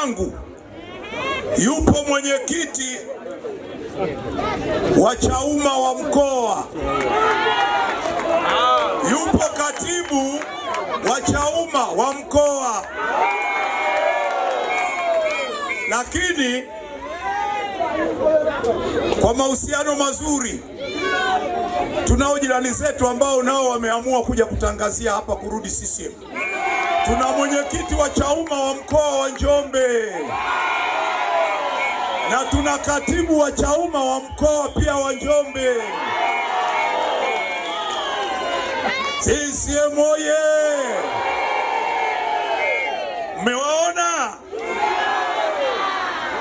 wangu yupo mwenyekiti wa Chauma wa mkoa, yupo katibu wa Chauma wa mkoa, lakini kwa mahusiano mazuri tunao jirani zetu ambao nao wameamua kuja kutangazia hapa kurudi CCM. Tuna mwenyekiti wa Chauma wa mkoa wa Njombe na tuna katibu wa Chauma wa mkoa pia wa Njombe. CCM oye! Mmewaona,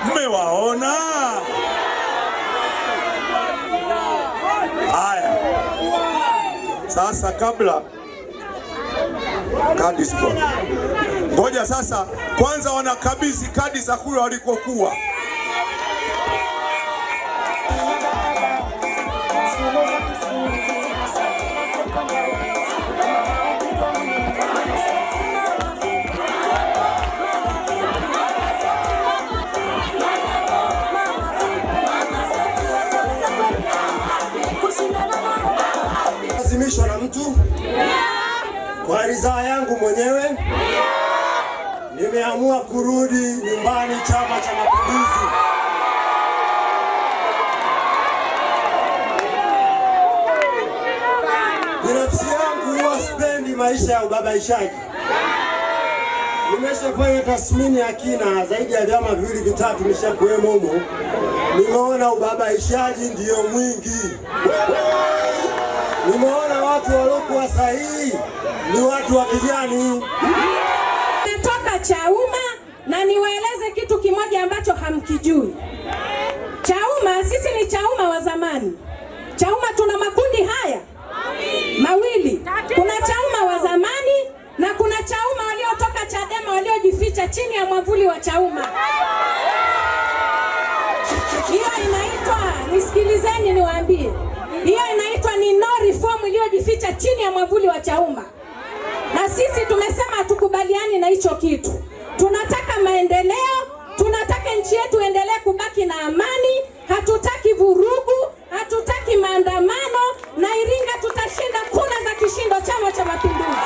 mmewaona. Haya sasa, kabla kadi sikuwa. Ngoja sasa kwanza wanakabidhi kadi za kule walikokuwa. Lazimishwa na mtu kwa ridhaa yangu mwenyewe nimeamua kurudi nyumbani Chama cha Mapinduzi. Binafsi yangu huwa sipendi maisha ya ubabaishaji. Nimeshafanya tathmini ya kina, zaidi ya vyama viwili vitatu nishakuwemo humo, nimeona ubabaishaji ndiyo mwingi, nimeona watu waliokuwa sahihi ni watu wa kijani. Natoka Chauma na niwaeleze kitu kimoja ambacho hamkijui. Chauma, sisi ni Chauma wa zamani. Chauma tuna makundi haya mawili, kuna Chauma wa zamani na kuna Chauma waliotoka Chadema waliojificha chini ya mwavuli wa Chauma. Hiyo inaitwa, nisikilizeni niwaambie, hiyo inaitwa ni no reform iliyojificha chini ya mwavuli wa Chauma tumesema hatukubaliani na hicho kitu. Tunataka maendeleo, tunataka nchi yetu endelee kubaki na amani. Hatutaki vurugu, hatutaki maandamano, na Iringa tutashinda kura za kishindo Chama cha Mapinduzi.